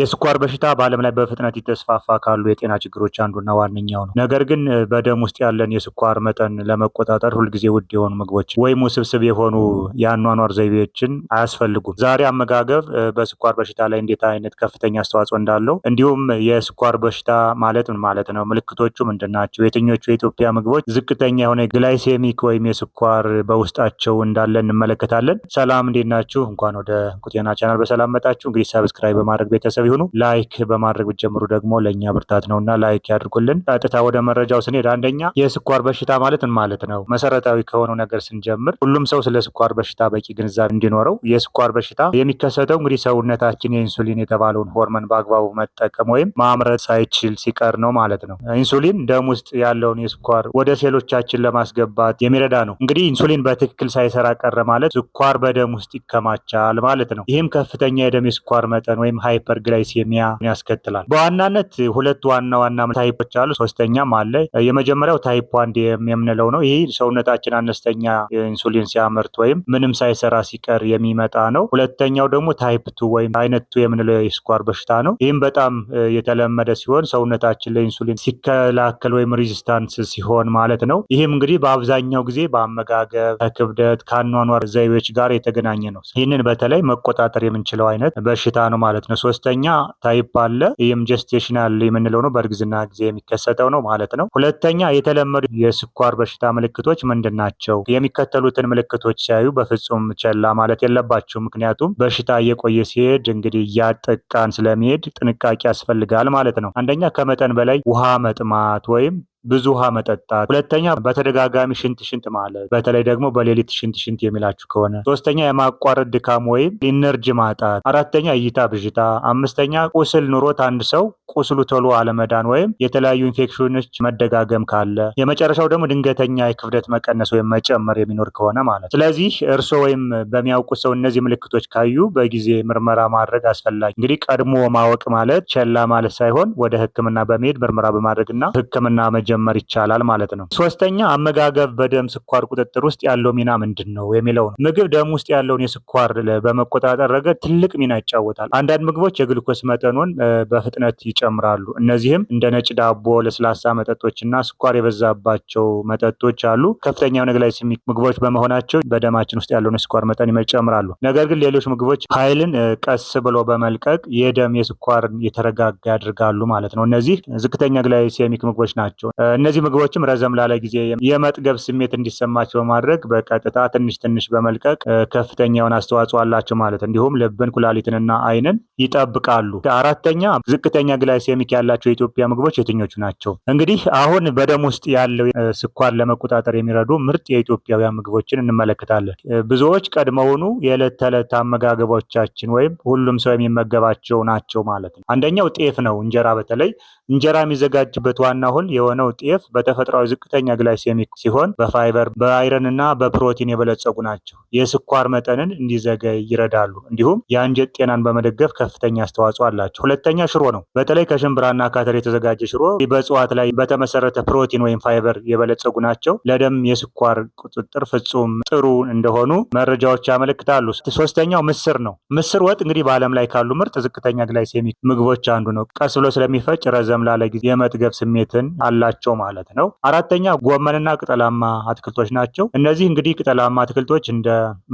የስኳር በሽታ በዓለም ላይ በፍጥነት ይተስፋፋ ካሉ የጤና ችግሮች አንዱና ዋነኛው ነው። ነገር ግን በደም ውስጥ ያለን የስኳር መጠን ለመቆጣጠር ሁልጊዜ ውድ የሆኑ ምግቦች ወይም ውስብስብ የሆኑ የአኗኗር ዘይቤዎችን አያስፈልጉም። ዛሬ አመጋገብ በስኳር በሽታ ላይ እንዴት አይነት ከፍተኛ አስተዋጽኦ እንዳለው እንዲሁም የስኳር በሽታ ማለት ምን ማለት ነው፣ ምልክቶቹ ምንድን ናቸው፣ የትኞቹ የኢትዮጵያ ምግቦች ዝቅተኛ የሆነ ግላይሴሚክ ወይም የስኳር በውስጣቸው እንዳለ እንመለከታለን። ሰላም እንዴት ናችሁ? እንኳን ወደ ቁጤና ቻናል በሰላም መጣችሁ። እንግዲህ ሰብስክራይብ በማድረግ ቤተሰብ ቤተሰብ ይሁኑ። ላይክ በማድረግ ብትጀምሩ ደግሞ ለእኛ ብርታት ነውና ላይክ ያድርጉልን። ቀጥታ ወደ መረጃው ስንሄድ አንደኛ የስኳር በሽታ ማለት ማለት ነው። መሰረታዊ ከሆነው ነገር ስንጀምር ሁሉም ሰው ስለ ስኳር በሽታ በቂ ግንዛቤ እንዲኖረው። የስኳር በሽታ የሚከሰተው እንግዲህ ሰውነታችን የኢንሱሊን የተባለውን ሆርመን በአግባቡ መጠቀም ወይም ማምረት ሳይችል ሲቀር ነው ማለት ነው። ኢንሱሊን ደም ውስጥ ያለውን የስኳር ወደ ሴሎቻችን ለማስገባት የሚረዳ ነው። እንግዲህ ኢንሱሊን በትክክል ሳይሰራ ቀረ ማለት ስኳር በደም ውስጥ ይከማቻል ማለት ነው። ይህም ከፍተኛ የደም የስኳር መጠን ወይም ሃይፐር ግላይሴሚያ ያስከትላል። በዋናነት ሁለት ዋና ዋና ታይፖች አሉ፣ ሶስተኛም አለ። የመጀመሪያው ታይፕ አንድ የምንለው ነው። ይህ ሰውነታችን አነስተኛ ኢንሱሊን ሲያመርት ወይም ምንም ሳይሰራ ሲቀር የሚመጣ ነው። ሁለተኛው ደግሞ ታይፕ ቱ ወይም አይነት ቱ የምንለው የስኳር በሽታ ነው። ይህም በጣም የተለመደ ሲሆን ሰውነታችን ለኢንሱሊን ሲከላከል ወይም ሪዚስታንስ ሲሆን ማለት ነው። ይህም እንግዲህ በአብዛኛው ጊዜ በአመጋገብ ከክብደት ከአኗኗር ዘይቤዎች ጋር የተገናኘ ነው። ይህንን በተለይ መቆጣጠር የምንችለው አይነት በሽታ ነው ማለት ነው። ሶስተኛ አንደኛ ታይፕ አለ። ይህም ጀስቴሽናል የምንለው ነው፣ በእርግዝና ጊዜ የሚከሰተው ነው ማለት ነው። ሁለተኛ የተለመዱ የስኳር በሽታ ምልክቶች ምንድን ናቸው? የሚከተሉትን ምልክቶች ሲያዩ በፍጹም ቸላ ማለት የለባቸው። ምክንያቱም በሽታ እየቆየ ሲሄድ እንግዲህ እያጠቃን ስለሚሄድ ጥንቃቄ ያስፈልጋል ማለት ነው። አንደኛ ከመጠን በላይ ውሃ መጥማት ወይም ብዙ ውሃ መጠጣት፣ ሁለተኛ በተደጋጋሚ ሽንት ሽንት ማለት በተለይ ደግሞ በሌሊት ሽንት ሽንት የሚላችሁ ከሆነ፣ ሶስተኛ የማቋረጥ ድካም ወይም ኢነርጂ ማጣት፣ አራተኛ እይታ ብዥታ፣ አምስተኛ ቁስል ኑሮት አንድ ሰው ቁስሉ ቶሎ አለመዳን ወይም የተለያዩ ኢንፌክሽኖች መደጋገም ካለ፣ የመጨረሻው ደግሞ ድንገተኛ የክብደት መቀነስ ወይም መጨመር የሚኖር ከሆነ ማለት። ስለዚህ እርስዎ ወይም በሚያውቁ ሰው እነዚህ ምልክቶች ካዩ በጊዜ ምርመራ ማድረግ አስፈላጊ። እንግዲህ ቀድሞ ማወቅ ማለት ቸላ ማለት ሳይሆን ወደ ሕክምና በመሄድ ምርመራ በማድረግና ሕክምና መጀ መጀመር ይቻላል ማለት ነው። ሶስተኛ አመጋገብ በደም ስኳር ቁጥጥር ውስጥ ያለው ሚና ምንድን ነው የሚለው ነው። ምግብ ደም ውስጥ ያለውን የስኳር በመቆጣጠር ረገድ ትልቅ ሚና ይጫወታል። አንዳንድ ምግቦች የግልኮስ መጠኑን በፍጥነት ይጨምራሉ። እነዚህም እንደ ነጭ ዳቦ፣ ለስላሳ መጠጦች እና ስኳር የበዛባቸው መጠጦች አሉ። ከፍተኛ የሆነ ግላይሲሚክ ምግቦች በመሆናቸው በደማችን ውስጥ ያለውን የስኳር መጠን ይጨምራሉ። ነገር ግን ሌሎች ምግቦች ኃይልን ቀስ ብሎ በመልቀቅ የደም የስኳርን የተረጋጋ ያደርጋሉ ማለት ነው። እነዚህ ዝቅተኛ ግላይሴሚክ ምግቦች ናቸው። እነዚህ ምግቦችም ረዘም ላለ ጊዜ የመጥገብ ስሜት እንዲሰማቸው በማድረግ በቀጥታ ትንሽ ትንሽ በመልቀቅ ከፍተኛውን አስተዋጽኦ አላቸው ማለት እንዲሁም ልብን ኩላሊትንና አይንን ይጠብቃሉ። አራተኛ ዝቅተኛ ግላይሴሚክ ያላቸው የኢትዮጵያ ምግቦች የትኞቹ ናቸው? እንግዲህ አሁን በደም ውስጥ ያለው ስኳር ለመቆጣጠር የሚረዱ ምርጥ የኢትዮጵያውያን ምግቦችን እንመለከታለን። ብዙዎች ቀድመውኑ የዕለት ተዕለት አመጋገቦቻችን ወይም ሁሉም ሰው የሚመገባቸው ናቸው ማለት ነው። አንደኛው ጤፍ ነው። እንጀራ በተለይ እንጀራ የሚዘጋጅበት ዋና ሁን የሆነው ጤፍ በተፈጥሯዊ ዝቅተኛ ግላይሴሚክ ሲሆን በፋይበር በአይረን እና በፕሮቲን የበለጸጉ ናቸው። የስኳር መጠንን እንዲዘገይ ይረዳሉ። እንዲሁም የአንጀት ጤናን በመደገፍ ከፍተኛ አስተዋጽኦ አላቸው። ሁለተኛ ሽሮ ነው። በተለይ ከሽምብራና ካተር የተዘጋጀ ሽሮ በእጽዋት ላይ በተመሰረተ ፕሮቲን ወይም ፋይበር የበለጸጉ ናቸው። ለደም የስኳር ቁጥጥር ፍጹም ጥሩ እንደሆኑ መረጃዎች ያመለክታሉ። ሶስተኛው ምስር ነው። ምስር ወጥ እንግዲህ በዓለም ላይ ካሉ ምርጥ ዝቅተኛ ግላይሴሚክ ምግቦች አንዱ ነው። ቀስ ብሎ ስለሚፈጭ ረዘም ላለ ጊዜ የመጥገብ ስሜትን አላቸው። ናቸው ማለት ነው። አራተኛ ጎመንና ቅጠላማ አትክልቶች ናቸው። እነዚህ እንግዲህ ቅጠላማ አትክልቶች እንደ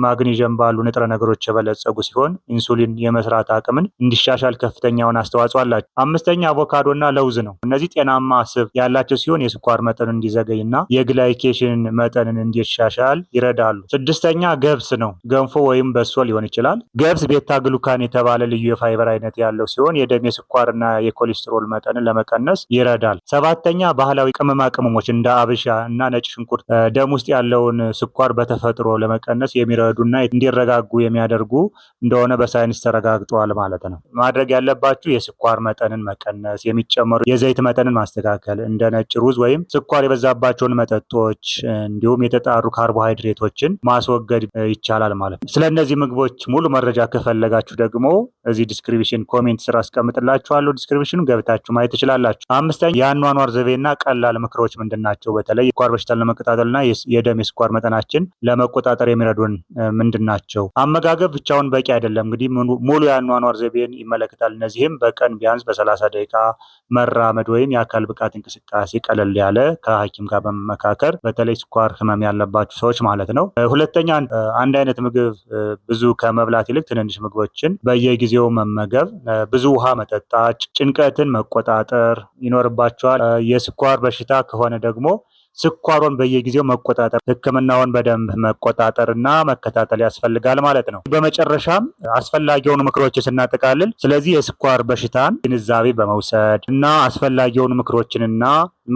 ማግኒዥም ባሉ ንጥረ ነገሮች የበለጸጉ ሲሆን ኢንሱሊን የመስራት አቅምን እንዲሻሻል ከፍተኛውን አስተዋጽኦ አላቸው። አምስተኛ አቮካዶና ለውዝ ነው። እነዚህ ጤናማ ስብ ያላቸው ሲሆን የስኳር መጠን እንዲዘገይ እና የግላይኬሽን መጠንን እንዲሻሻል ይረዳሉ። ስድስተኛ ገብስ ነው። ገንፎ ወይም በሶ ሊሆን ይችላል። ገብስ ቤታ ግሉካን የተባለ ልዩ የፋይበር አይነት ያለው ሲሆን የደም የስኳርና የኮሌስትሮል መጠንን ለመቀነስ ይረዳል። ሰባተኛ ባህላ ባህላዊ ቅመማ ቅመሞች እንደ አብሻ እና ነጭ ሽንኩርት ደም ውስጥ ያለውን ስኳር በተፈጥሮ ለመቀነስ የሚረዱና እንዲረጋጉ የሚያደርጉ እንደሆነ በሳይንስ ተረጋግጠዋል ማለት ነው። ማድረግ ያለባችሁ የስኳር መጠንን መቀነስ፣ የሚጨመሩ የዘይት መጠንን ማስተካከል፣ እንደ ነጭ ሩዝ ወይም ስኳር የበዛባቸውን መጠጦች እንዲሁም የተጣሩ ካርቦሃይድሬቶችን ማስወገድ ይቻላል ማለት ነው። ስለ እነዚህ ምግቦች ሙሉ መረጃ ከፈለጋችሁ ደግሞ እዚህ ዲስክሪፕሽን ኮሜንት ስር አስቀምጥላችኋለሁ። ዲስክሪፕሽኑ ገብታችሁ ማየት ትችላላችሁ። አምስተኛ የአኗኗር ዘይቤና ቀላል ምክሮች ምንድን ናቸው? በተለይ ስኳር በሽታን ለመቆጣጠርና የደም የስኳር መጠናችን ለመቆጣጠር የሚረዱን ምንድን ናቸው? አመጋገብ ብቻውን በቂ አይደለም። እንግዲህ ሙሉ የአኗኗር ዘይቤን ይመለከታል። እነዚህም በቀን ቢያንስ በሰላሳ ደቂቃ መራመድ ወይም የአካል ብቃት እንቅስቃሴ ቀለል ያለ ከሐኪም ጋር በመመካከር በተለይ ስኳር ህመም ያለባቸው ሰዎች ማለት ነው። ሁለተኛ አንድ አይነት ምግብ ብዙ ከመብላት ይልቅ ትንንሽ ምግቦችን በየጊዜው በጊዜው መመገብ፣ ብዙ ውሃ መጠጣት፣ ጭንቀትን መቆጣጠር ይኖርባቸዋል። የስኳር በሽታ ከሆነ ደግሞ ስኳሮን በየጊዜው መቆጣጠር፣ ህክምናውን በደንብ መቆጣጠር መከታተል ያስፈልጋል ማለት ነው። በመጨረሻም አስፈላጊውን ምክሮች ስናጠቃልል ስለዚህ የስኳር በሽታን ግንዛቤ በመውሰድ እና አስፈላጊውን ምክሮችንና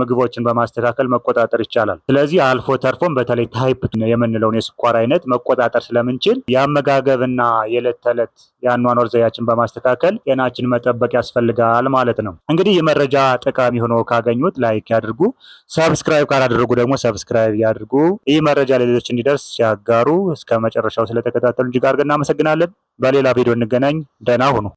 ምግቦችን በማስተካከል መቆጣጠር ይቻላል። ስለዚህ አልፎ ተርፎም በተለይ ታይፕ የምንለውን የስኳር አይነት መቆጣጠር ስለምንችል የአመጋገብና የዕለት ተዕለት የአኗኗር ዘያችን በማስተካከል ጤናችን መጠበቅ ያስፈልጋል ማለት ነው። እንግዲህ የመረጃ ጠቃሚ ሆኖ ካገኙት ላይክ ያድርጉ። ሰብስክራይብ ካላ ያላደረጉ ደግሞ ሰብስክራይብ ያድርጉ። ይህ መረጃ ለሌሎች እንዲደርስ ሲያጋሩ። እስከ መጨረሻው ስለተከታተሉ እጅግ አድርገን እናመሰግናለን። በሌላ ቪዲዮ እንገናኝ። ደህና ሁኑ።